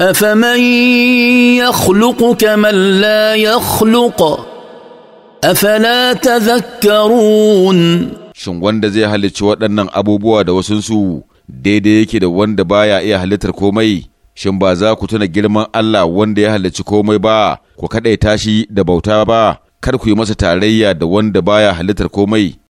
افمن يخلق كمن لا يخلق افلا تذكرون shin wanda zai halicci waɗannan abubuwa da wasunsu daidai yake da wanda baya iya halittar komai shin ba za ku tuna girman Allah wanda ya halicci komai ba ku kaɗaita shi da bauta ba kar ku yi masa tarayya da wanda baya halittar komai